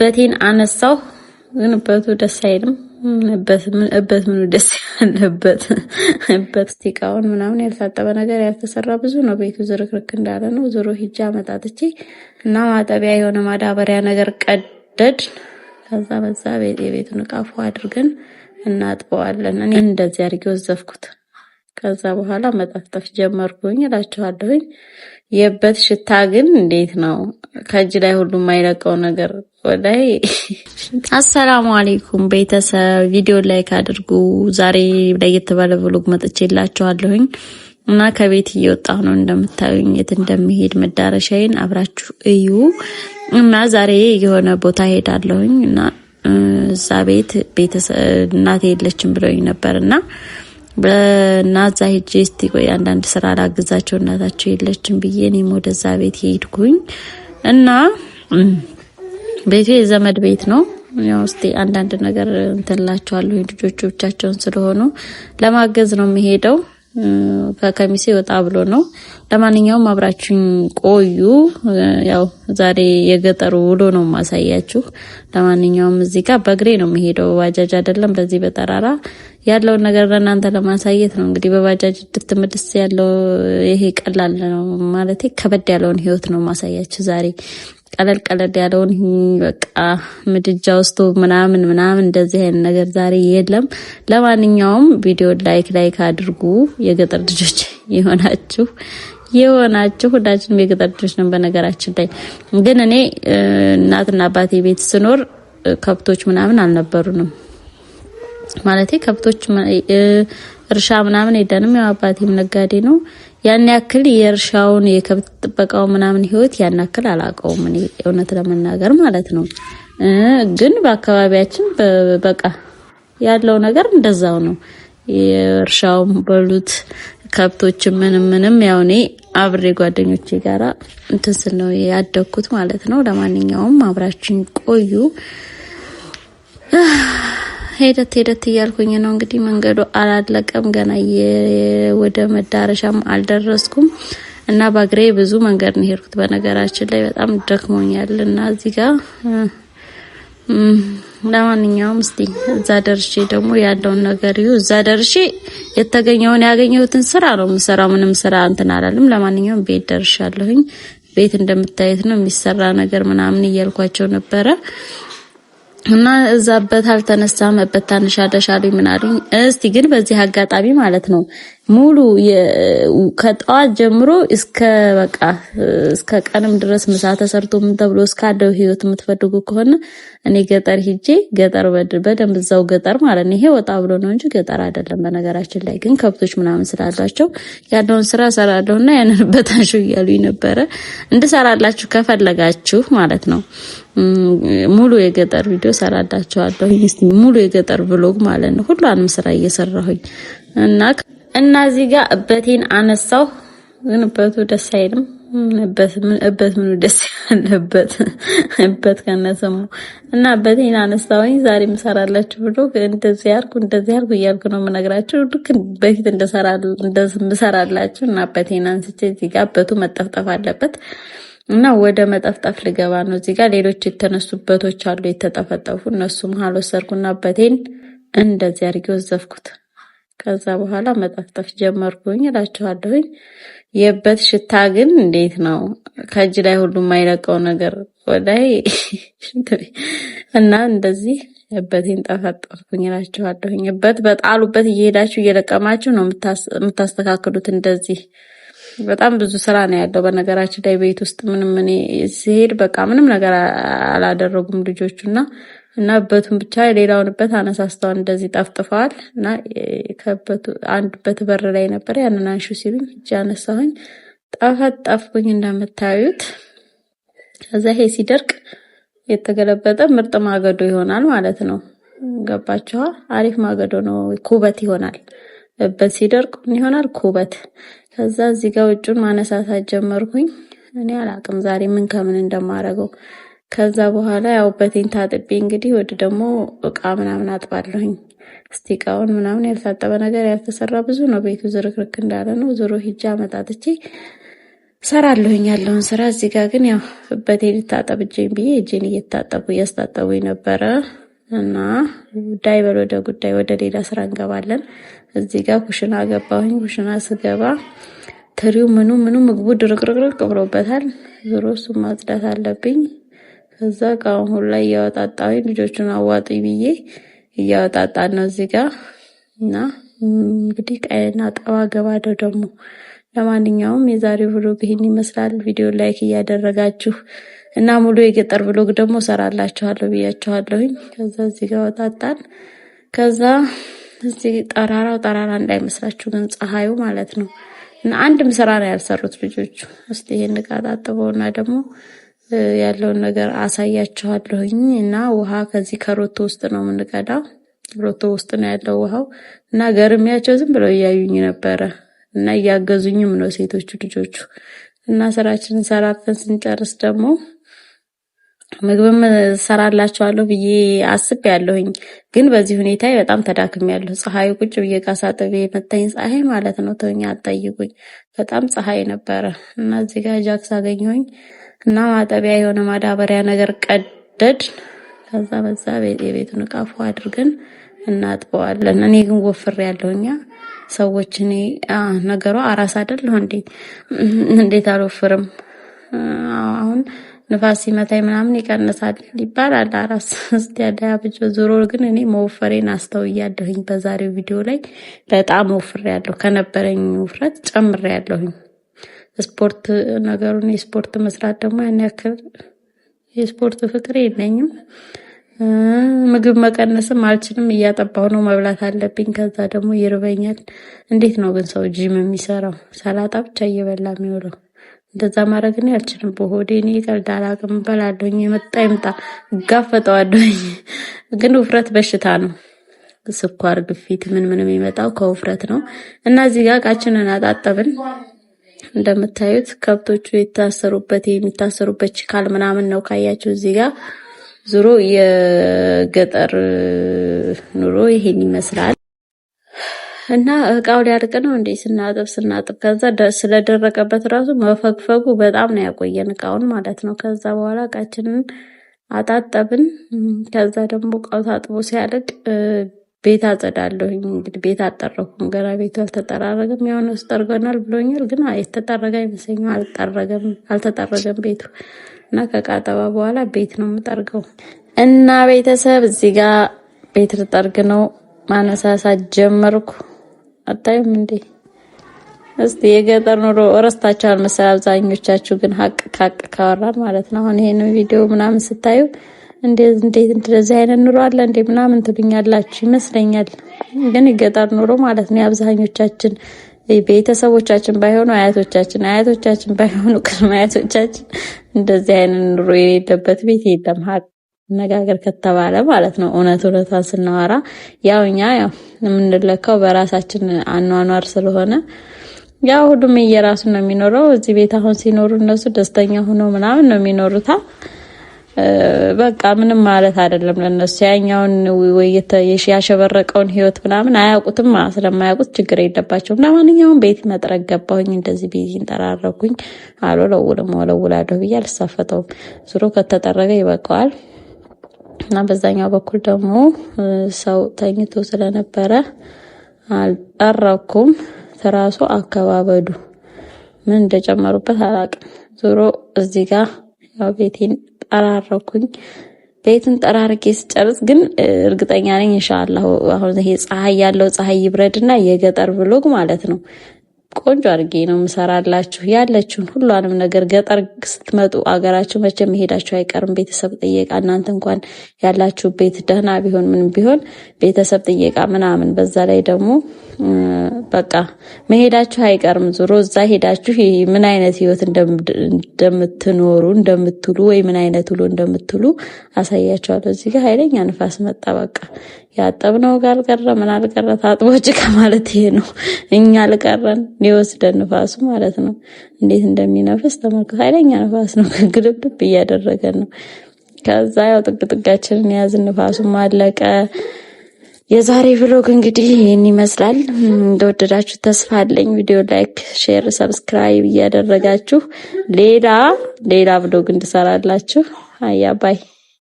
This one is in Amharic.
በቴን አነሳው ግን እበቱ ደስ አይልም። እበት ምኑ ደስ ያለበት እበት ስቲካውን ምናምን ያልታጠበ ነገር ያልተሰራ ብዙ ነው። ቤቱ ዝርክርክ እንዳለ ነው። ዞሮ ሂጃ መጣትቼ እና ማጠቢያ የሆነ ማዳበሪያ ነገር ቀደድ ከዛ በዛ የቤቱን እቃ አድርገን እናጥበዋለን። እኔ እንደዚህ አድርጌ ወዘፍኩት። ከዛ በኋላ መጠፍጠፍ ጀመርኩኝ እላችኋለሁኝ። የበት ሽታ ግን እንዴት ነው! ከእጅ ላይ ሁሉ የማይለቀው ነገር ወላይ። አሰላሙ አሌይኩም ቤተሰብ፣ ቪዲዮ ላይክ አድርጉ። ዛሬ ለየት ባለ ብሎግ መጥቼላችኋለሁኝ እና ከቤት እየወጣሁ ነው እንደምታዩኝ። የት እንደሚሄድ መዳረሻዬን አብራችሁ እዩ። እና ዛሬ የሆነ ቦታ ሄዳለሁኝ እና እዛ ቤት እናቴ የለችም ብለውኝ ነበር እና በናዛ ሄጄ እስቲ ቆይ አንዳንድ ስራ ላግዛቸው እናታቸው የለችም ብዬ እኔም ወደዛ ቤት ሄድኩኝ እና ቤቱ የዘመድ ቤት ነው። ያው እስቲ አንዳንድ ነገር እንትንላቸዋለሁ ልጆቹ ብቻቸውን ስለሆኑ ለማገዝ ነው የሚሄደው። ከከሚሴ ወጣ ብሎ ነው። ለማንኛውም አብራችሁኝ ቆዩ። ያው ዛሬ የገጠሩ ውሎ ነው ማሳያችሁ። ለማንኛውም እዚህ ጋር በእግሬ ነው የሚሄደው፣ ባጃጅ አይደለም። በዚህ በጠራራ ያለውን ነገር ለእናንተ ለማሳየት ነው እንግዲህ። በባጃጅ ድፍት ምድስ ያለው ይሄ ቀላል ነው ማለት ከበድ ያለውን ህይወት ነው ማሳያችሁ ዛሬ ቀለል ቀለል ያለውን በቃ ምድጃ ውስጥ ምናምን ምናምን እንደዚህ አይነት ነገር ዛሬ የለም። ለማንኛውም ቪዲዮ ላይክ ላይክ አድርጉ። የገጠር ልጆች የሆናችሁ የሆናችሁ ሁላችንም የገጠር ልጆች ነን። በነገራችን ላይ ግን እኔ እናትና አባቴ ቤት ስኖር ከብቶች ምናምን አልነበሩንም። ማለቴ ከብቶች እርሻ ምናምን ሄደንም ያው አባቴም ነጋዴ ነው። ያን ያክል የእርሻውን የከብት ጥበቃው ምናምን ህይወት ያን ያክል አላውቀውም እኔ እውነት ለመናገር ማለት ነው። ግን በአካባቢያችን በቃ ያለው ነገር እንደዛው ነው። የእርሻውም በሉት ከብቶች ምንም ምንም ያው እኔ አብሬ ጓደኞቼ ጋራ እንትን ስል ነው ያደግኩት ማለት ነው። ለማንኛውም አብራችን ቆዩ። ሄደት ሄደት እያልኩኝ ነው እንግዲህ መንገዱ አላለቀም። ገና ወደ መዳረሻም አልደረስኩም እና በእግሬ ብዙ መንገድ ነው ሄድኩት። በነገራችን ላይ በጣም ደክሞኛል እና እዚህ ጋር ለማንኛውም እስቲ እዛ ደርሼ ደግሞ ያለውን ነገር ይሁ እዛ ደርሼ የተገኘውን ያገኘሁትን ስራ ነው የምሰራው። ምንም ስራ እንትን አላለም። ለማንኛውም ቤት ደርሻለሁኝ። ቤት እንደምታየት ነው የሚሰራ ነገር ምናምን እያልኳቸው ነበረ። እና እዛበት አልተነሳም በት ታንሽ አደሻሉኝ ምናሉኝ። እስቲ ግን በዚህ አጋጣሚ ማለት ነው ሙሉ ከጠዋት ጀምሮ እስከ በቃ እስከ ቀንም ድረስ ምሳ ተሰርቶ ምን ተብሎ እስካለው ህይወት የምትፈልጉ ከሆነ እኔ ገጠር ሂጄ ገጠር በደንብ እዛው ገጠር ማለት ነው። ይሄ ወጣ ብሎ ነው እንጂ ገጠር አይደለም። በነገራችን ላይ ግን ከብቶች ምናምን ስላላቸው ያለውን ስራ ሰራለሁና ያንን በታሹ እያሉኝ ነበረ እንድሰራላችሁ ከፈለጋችሁ ማለት ነው። ሙሉ የገጠር ቪዲዮ ሰራላችኋለሁ። ሙሉ የገጠር ብሎግ ማለት ነው። ሁሉንም ስራ እየሰራሁኝ እና እና እዚህ ጋር እበቴን አነሳው፣ ግን እበቱ ደስ አይልም። እበት ምን እበት ምን ደስ ያለበት እበት ከነሰሙ እና እበቴን አነሳውኝ። ዛሬ ምሰራላችሁ ብሎ እንደዚህ ያርኩ እንደዚህ ያርኩ እያልኩ ነው የምነግራችሁ። ልክ በፊት እንደምሰራላችሁ እና እበቴን አንስቼ እዚህ ጋር እበቱ መጠፍጠፍ አለበት እና ወደ መጠፍጠፍ ልገባ ነው። እዚህ ጋር ሌሎች የተነሱበቶች አሉ የተጠፈጠፉ። እነሱ መሀል ወሰድኩና እበቴን እንደዚህ አድርጌ ወዘፍኩት። ከዛ በኋላ መጠፍጠፍ ጀመርኩኝ እላችኋለሁኝ። የበት ሽታ ግን እንዴት ነው! ከእጅ ላይ ሁሉ የማይለቀው ነገር ወላይ እና እንደዚህ እበቴን ጠፈጠፍኩኝ እላችኋለሁኝ። እበት በጣሉበት እየሄዳችሁ እየለቀማችሁ ነው የምታስተካክሉት። እንደዚህ በጣም ብዙ ስራ ነው ያለው። በነገራችን ላይ ቤት ውስጥ ምንም እኔ ስሄድ በቃ ምንም ነገር አላደረጉም ልጆቹና እና እበቱን ብቻ ሌላውን በት አነሳስተዋል እንደዚህ ጠፍጥፈዋል። እና ከበቱ አንድ በት በር ላይ ነበር ያንን አንሹ ሲሉኝ እጅ አነሳሁኝ ጣፋት ጣፍኩኝ እንደምታዩት። ከዛ ይሄ ሲደርቅ የተገለበጠ ምርጥ ማገዶ ይሆናል ማለት ነው። ገባችኋ? አሪፍ ማገዶ ነው፣ ኩበት ይሆናል። እበት ሲደርቅ ይሆናል ኩበት። ከዛ እዚህ ጋር ውጩን ማነሳሳት ጀመርኩኝ። እኔ አላቅም ዛሬ ምን ከምን እንደማረገው ከዛ በኋላ ያው በቴን ታጥቤ እንግዲህ ወደ ደግሞ እቃ ምናምን አጥባለሁኝ። እስቲ እቃውን ምናምን ያልታጠበ ነገር ያልተሰራ ብዙ ነው ቤቱ ዝርክርክ እንዳለ ነው። ዞሮ ሂጃ አመጣጥቼ ሰራለሁኝ ያለውን ስራ። እዚህ ጋር ግን ያው በቴ ልታጠብ እጄን ብዬ እጄን እየታጠቡ እያስታጠቡ ነበረ እና በል ወደ ጉዳይ ወደ ሌላ ስራ እንገባለን። እዚህ ጋር ኩሽና ገባሁኝ። ኩሽና ስገባ ትሪው ምኑ ምኑ ምግቡ ድርቅርቅርቅ ብሎበታል። ዞሮ እሱ ማጽዳት አለብኝ። ከዛ ከአሁን ላይ እያወጣጣሁኝ ልጆቹን አዋጡኝ ብዬ እያወጣጣን ነው እዚህ ጋር እና እንግዲህ ቀይና ጠባ ደው ደግሞ ለማንኛውም የዛሬው ብሎግ ይህን ይመስላል። ቪዲዮ ላይክ እያደረጋችሁ እና ሙሉ የገጠር ብሎግ ደግሞ ሰራላችኋለሁ ብያችኋለሁኝ። ከዛ እዚህ ጋር ወጣጣን። ከዛ እዚህ ጠራራው ጠራራ እንዳይመስላችሁ ግን ፀሐዩ ማለት ነው እና አንድም ስራ ነው ያልሰሩት ልጆቹ። እስቲ ይሄን ቃጣጥበውና ጣጥበውና ደግሞ ያለውን ነገር አሳያችኋለሁኝ እና ውሃ ከዚህ ከሮቶ ውስጥ ነው የምንቀዳው። ሮቶ ውስጥ ነው ያለው ውሃው እና ገርሚያቸው ዝም ብለው እያዩኝ ነበረ እና እያገዙኝም ነው ሴቶቹ ልጆቹ እና ስራችንን ሰራርተን ስንጨርስ ደግሞ ምግብም ሰራላችኋለሁ ብዬ አስብ ያለሁኝ ግን በዚህ ሁኔታ በጣም ተዳክሜያለሁ። ፀሐይ ቁጭ ብዬ ቃሳጥቤ መታኝ ፀሐይ ማለት ነው። ተውኝ አጠይቁኝ በጣም ፀሐይ ነበረ እና እዚህ ጋር ጃክስ አገኘሁኝ እና ማጠቢያ የሆነ ማዳበሪያ ነገር ቀደድ ከዛ በዛ የቤቱን እቃ ፎ አድርገን እናጥበዋለን። እኔ ግን ወፍር ያለውኛ ሰዎች እኔ ነገሯ አራስ አደለሁ እንዴ? እንዴት አልወፍርም? አሁን ንፋስ ሲመታኝ ምናምን ይቀንሳል ይባላል። አራስ ስቲያዳያ ብቻ ዙሮ ግን እኔ መወፈሬን አስተውያለሁኝ። በዛሬው ቪዲዮ ላይ በጣም ወፍሬ ያለሁ ከነበረኝ ውፍረት ጨምሬ ያለሁኝ። ስፖርት ነገሩን የስፖርት መስራት ደግሞ ያን ያክል የስፖርት ፍቅር የለኝም። ምግብ መቀነስም አልችልም። እያጠባሁ ነው፣ መብላት አለብኝ። ከዛ ደግሞ ይርበኛል። እንዴት ነው ግን ሰው ጂም የሚሰራው? ሰላጣ ብቻ እየበላ የሚውለው? እንደዛ ማድረግ እኔ አልችልም። በሆዴ እኔ ቀልድ የመጣ ይምጣ እጋፈጠዋለሁኝ። ግን ውፍረት በሽታ ነው። ስኳር፣ ግፊት ምን ምን የሚመጣው ከውፍረት ነው እና እዚህ ጋር እቃችንን አጣጠብን። እንደምታዩት ከብቶቹ የታሰሩበት የሚታሰሩበት ችካል ምናምን ነው ካያቸው እዚህ ጋር ዙሮ የገጠር ኑሮ ይሄን ይመስላል። እና እቃው ሊያልቅ ነው እንዴ? ስናጥብ ስናጥብ ከዛ ስለደረቀበት ራሱ መፈግፈጉ በጣም ነው ያቆየን እቃውን ማለት ነው። ከዛ በኋላ እቃችንን አጣጠብን። ከዛ ደግሞ እቃው ታጥቦ ሲያልቅ ቤት አጸዳለሁኝ። እንግዲህ ቤት አጠረኩም። ገና ቤቱ አልተጠራረገም። የሆነ ውስጥ ጠርገናል ብሎኛል፣ ግን የተጠረገ አይመስለኝም። አልተጠረገም ቤቱ እና ከቃጠባ በኋላ ቤት ነው የምጠርገው እና ቤተሰብ እዚህ ጋር ቤት ልጠርግ ነው ማነሳሳት ጀመርኩ። አታዩም እንዴ? እስቲ የገጠር ኑሮ እረስታችኋል መሰል አብዛኞቻችሁ ግን ሀቅ ከሀቅ ካወራን ማለት ነው። አሁን ይሄን ቪዲዮ ምናምን ስታዩ እንዴት እንዴት እንደዚህ አይነት ኑሮ አለ እንዴ ምናምን ትሉኛላችሁ ይመስለኛል። ግን የገጠር ኑሮ ማለት ነው የአብዛኞቻችን ቤተሰቦቻችን ባይሆኑ አያቶቻችን፣ አያቶቻችን ባይሆኑ ቅድመ አያቶቻችን እንደዚህ አይነት ኑሮ የሌለበት ቤት የለም ሀቅ መነጋገር ከተባለ ማለት ነው። እውነት እውነቷን ስናወራ ያው እኛ ያው የምንለካው በራሳችን አኗኗር ስለሆነ ያው ሁሉም እየራሱ ነው የሚኖረው። እዚህ ቤት አሁን ሲኖሩ እነሱ ደስተኛ ሆነው ምናምን ነው የሚኖሩታ። በቃ ምንም ማለት አይደለም ለነሱ ያኛውን ያሸበረቀውን ህይወት ምናምን አያውቁትም። ስለማያውቁት ችግር የለባቸውም። ለማንኛውም ቤት መጥረግ ገባሁኝ። እንደዚህ ቤት ይንጠራረኩኝ አልወለውልም፣ ወለውላለሁ ብዬ አልሳፈጠውም። ዙሮ ከተጠረገ ይበቃዋል። እና በዛኛው በኩል ደግሞ ሰው ተኝቶ ስለነበረ አልጠረኩም። ትራሱ አከባበዱ ምን እንደጨመሩበት አላቅም። ዞሮ እዚህ ጋር ያው ቤቴን ጠራረኩኝ። ቤትን ጠራርጌ ስጨርስ ግን እርግጠኛ ነኝ ኢንሻአላህ አሁን ይሄ ፀሐይ ያለው ፀሐይ ይብረድና የገጠር ብሎግ ማለት ነው ቆንጆ አድርጌ ነው ምሰራላችሁ። ያለችውን ሁሏንም ነገር ገጠር ስትመጡ አገራችሁ መቼም መሄዳችሁ አይቀርም። ቤተሰብ ጥየቃ እናንተ እንኳን ያላችሁ ቤት ደህና ቢሆን ምን ቢሆን ቤተሰብ ጥየቃ ምናምን፣ በዛ ላይ ደግሞ በቃ መሄዳችሁ አይቀርም። ዞሮ እዛ ሄዳችሁ ምን አይነት ህይወት እንደምትኖሩ እንደምትሉ ወይ ምን አይነት ውሎ እንደምትሉ አሳያቸዋለሁ። እዚህ ጋር ኃይለኛ ንፋስ መጣ በቃ ያጠብነው ጋር ቀረ ምን አልቀረ ታጥቦ ጭቃ ማለት ይሄ ነው። እኛ አልቀረን ሊወስደን ንፋሱ ማለት ነው። እንዴት እንደሚነፍስ ተመልከቱ። ኃይለኛ ንፋስ ነው። ግልብልብ እያደረገን ነው። ከዛ ያው ጥግጥጋችንን የያዝን ንፋሱም አለቀ። የዛሬ ብሎግ እንግዲህ ይህን ይመስላል። እንደወደዳችሁ ተስፋ አለኝ። ቪዲዮ ላይክ፣ ሼር፣ ሰብስክራይብ እያደረጋችሁ ሌላ ሌላ ብሎግ እንድሰራላችሁ አያ ባይ